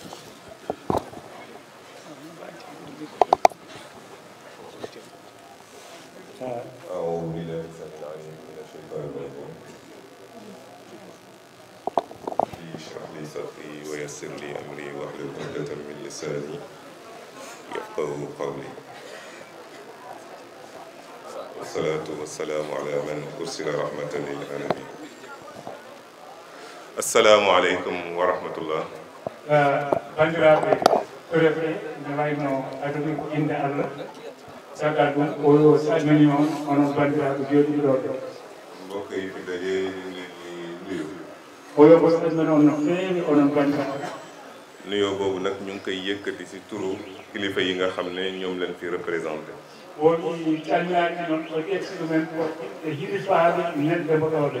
أعوذ بالله من الشيطان الرجيم اشرح لي ويسر لي أمري واحلل عقدة من لساني يفقه قولي والصلاة والسلام على من أرسل رحمة للعالمين السلام عليكم ورحمة الله bandiraɓe torefre ne wayno aduna ko inde allah caggal ɗum oyo salmini on onon bandiraɓe joɗiɗo ɗo mbokk yiɓe daje nuyu oyo ko salmini on no feewi onon bandiraɓe nuyoo boobu nag ñu ngi koy yëkkati si turu kilifa yi nga xam ne ñoom leen fi représenté woni calminaaki noon o ƴetti ɗumen e hiɗi faaɓe nenɓe mboɗoɓe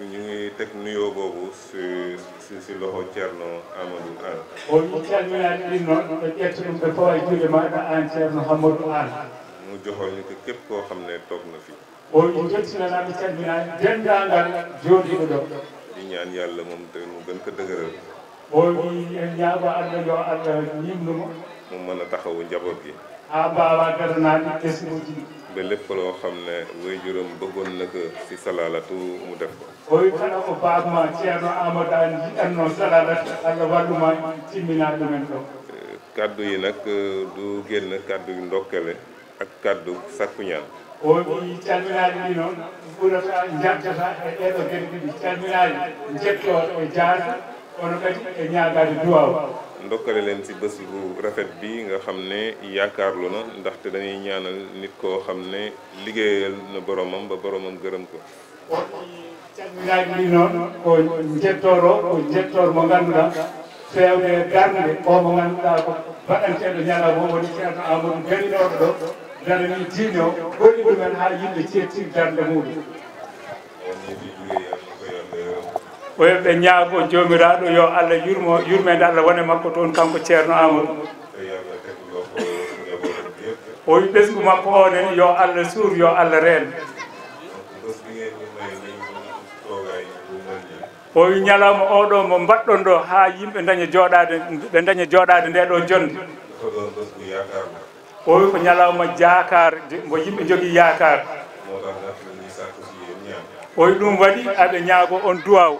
ñu ngi teg nuyoo boobu si si si loxo Thierno Amadou Anne. on an mu joxoñu ko képp koo xam ne toog na fi. on ñaan yàlla moom te mu gën ko dëgëral. mu mën a taxawu njaboot gi. haa mbaawaa daranaade kesmuuji ɗi. ba lépp loo xam ne waajuram bëggoon na ko si salaalatu mu def ko. hoytana ko babma ceerno amadou an jiɗatno salalat allah walluma timminade ɗumen ɗo kaddu yi nag euh, du génn kaddu ndokkale ak kàddu sakku ñaan o wi calminaɗe ɗi noon ndokkale leen ci bés bu rafet bi nga xam ne yaakaarlu na ndaxte dañuy ñaanal nit koo xam ne liggéeyal na boromam ba boromam gërëm ko calminaaji ɗi noon ko jettor o ko jettor mo ngannduɗaa fewde darde o mo ngannduɗaa ko baɗanteɗo ñalawma woni ceerno amadou ganinoɗo ɗo dana ni jiño goɗi ɗumen haa yimɓe cettir darde muɗum o yoɓɓe ñaago joomiraaɗo yo allah yurmo yurmede allah wone makko toon kanko ceerno amadou o wi ɓesgu makko onen yo allah suur yo allah reen o wi ñalawma oɗo mo mbaɗɗon ɗo ha yimɓe daña joɗade ɓe daña joɗade nde ɗo jonde o wi ko ñalawma jakar mo yimɓe jogui yakar o wi ɗum waɗi aɓe ñaago on duwaw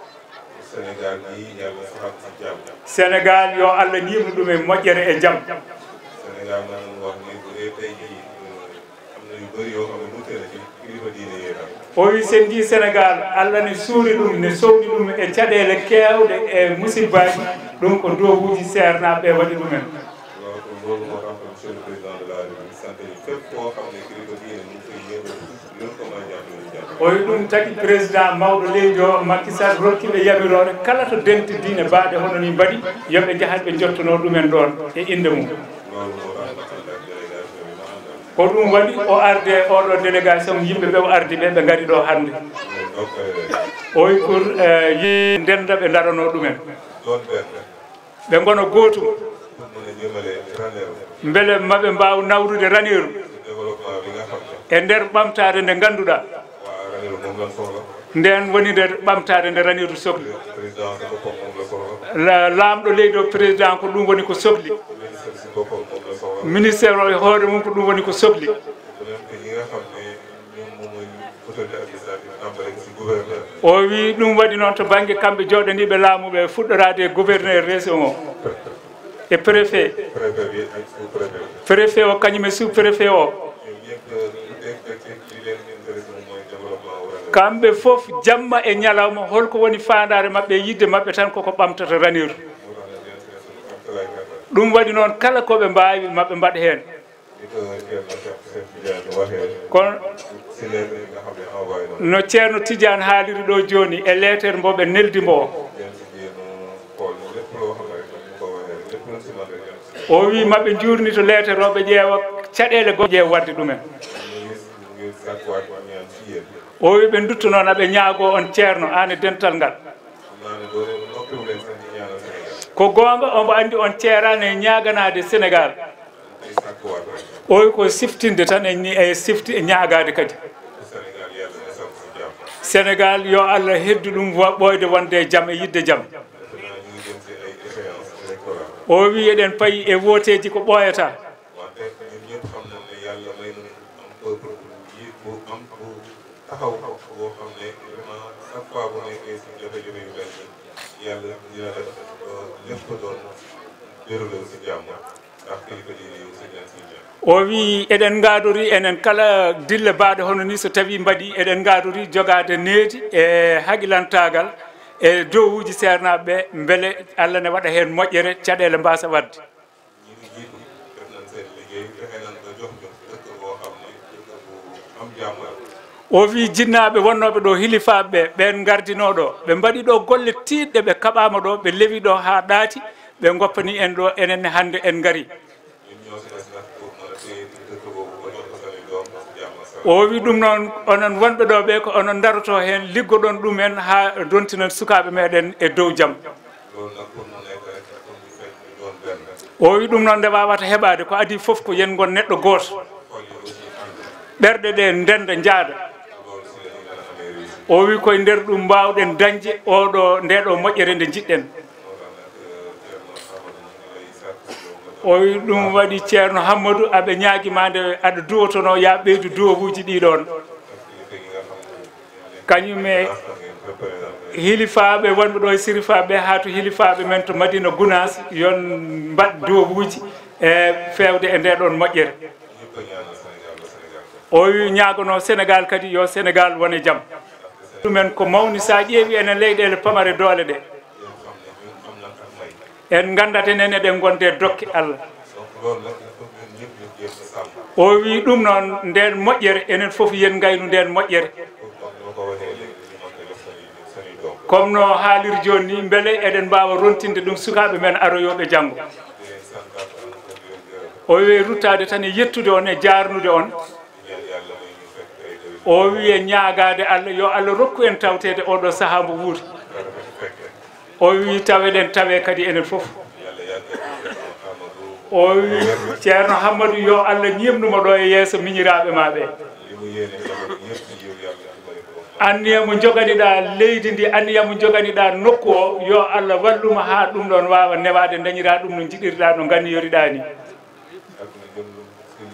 sénégal yo allah nimu ɗum e moƴƴere e jaam o wi sen ndi sénégal allah ne suuri ɗum ne sowni ɗum e caɗele kewɗe e musibbaji ɗum ko dowuji sernaɓe ɓe waɗi ɗumen o wi ɗum tagi président mawɗo leydi o makisal rokkiɓe yamirore kala to dente dine baaɗe hono ni mbaɗi yoɓe jahat ɓe jottono ɗumen ɗon e inde mum ko ɗum waɗi o arde oɗo délégation yimɓe ɓe o ardi ɓe ɓe ngari ɗo hannde oy pour yi ndenda ɓe ndarano ɗumen ɓe gona gootum mbele maɓe mbaw nawrude raniru e nder ɓamtade nde ngannduɗa nden woni nder ɓamtade nde raniru sohli laamɗo leydi o président ko ɗum woni ko sohli ministére o e hoore mum ko ɗum woni ko sohli o wi ɗum waɗi noon to banggue kamɓe jooɗaniɓe laamuɓe fuɗɗorade e gouverneur région o e préfet préfet o kañum e sous préfet o kamɓe fof jamma e ñalawma holko woni fandare mabɓe e yidde mabɓe tan koko ɓamtata ranir ɗum waɗi noon kala koɓe mbawi maɓe mbaɗa hen e kono e no ceerno tidiane haaliri ɗo joni e lettere mboɓe neldi mbo o wi maɓe jurni to lettere oɓe ƴeewa caɗele go ƴeew wadde ɗumen o wi ɓe duttanoon aɓe ñaago on ceerno ane dental ngal ko goonga omo anndi on ceerani e ñaaganaade sénégal oy ko siftinde tan e, e sifti e ñaagaade kadi sénégal yo allah heddu ɗum ɓoyde wonde e jam e yidde jam o wi eɗen payi e wooteji ko ɓooyata aw o xam ne vraiment chaque fois bu nekk si jafe-jafe yu bel ni yalla yo lertodon ɓerolol so jamma o wi eɗen gadori enen kala dille mbaɗe hono ni so tawi mbaɗi eɗen gadori jogade needi e haqilantagal e dowuji sernaɓe ɓe beele allah ne waɗa hen moƴƴere caɗele mbasa wadde o wii jinnaaɓe wonnooɓe ɗo hilifaaɓe ɓe ɓeen ngardinoo ɗo ɓe mbaɗi ɗo golle tiiɗɗe ɓe kaɓaama ɗo ɓe lewi ɗo haa ɗaati ɓe ngoppanii en ɗo enenne hannde en ngarii o wi ɗum noon onon wonɓe ɗo ɓe ko onon ndaroto heen liggoɗon ɗumen haa dontinon sukaaɓe meeɗen e dow jam o wi ɗum noon nde waawata heɓaade ko adii fof ko yen ngon neɗɗo gooto ɓerɗe ɗe ndennda njaada o wi koye nder ɗum mbawɗen dañde oɗo nde ɗo moƴƴere nde jiɗɗen o wi ɗum waɗi ceerno hammadou aɓe ñaaguima nde aɗa duwotono ya ɓeydu duwobuji ɗiɗon kañume hilifaɓe wonɓe ɗo e sirifaɓe hato hilifaɓe men to madina gounas yon mbaɗ duwobuji e fewde e nde ɗon moƴƴere o wi ñaagono sénégal kadi yo sénégal wone jaam ɗumen ko mawni sa ƴeewi ene leyɗele pamare doole ɗe en nganndatenen eɗen gonde dokke allah o wi ɗum noon nden moƴƴere enen fof yen ngaynu nden moƴƴere comme no haalir jooni ni mbele eɗen mbaawa rontinde ɗum sukaaɓe men aroyooɓe janngo o wi ruttaade tan e yettude on e jaarnude on o wi en ñaagaade allah yo allah rokku en tawtede oɗo sahaa mbo wuuri o wi taweɗen tawe kadi enen fof o wi ceerno hammadou yo allah ñimnuma ɗo e yeeso miñiraaɓe ma ɓe anniyamo joganiɗa leydi ndi anniyamo joganiɗa nokku o yo allah walluma haa ɗum ɗon wawa newade dañira ɗum no jiɗiriɗa no nganniyoriɗa ni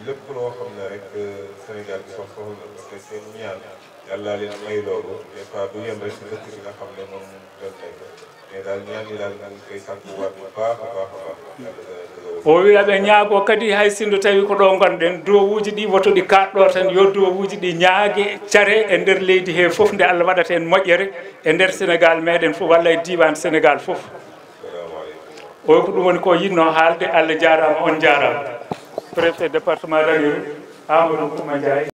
lépp loo xam ne rek euh, sénégal bi sox soxla parce que seen ñaan yàlla leen may loolu des fois du yem rek si dëkk bi nga xam ne moom dan nekk mais daal ñaan yi daal nga koy sàkku waat bu baax a baax a baax o wiyaɓe ñaago kadi hay sinno tawi ko ɗo gonɗen dowuji ɗi woto ɗi kaɗɗo tan yo dowuji ɗi ñaage care e nder leydi he foof nde allah waɗata hen moƴƴere e nder sénégal meɗen foof walla e diwan sénégal foof o ko ɗum woni ko yinno haalde allah jarama on jarama préfet département Amadou Kouma Ndiaye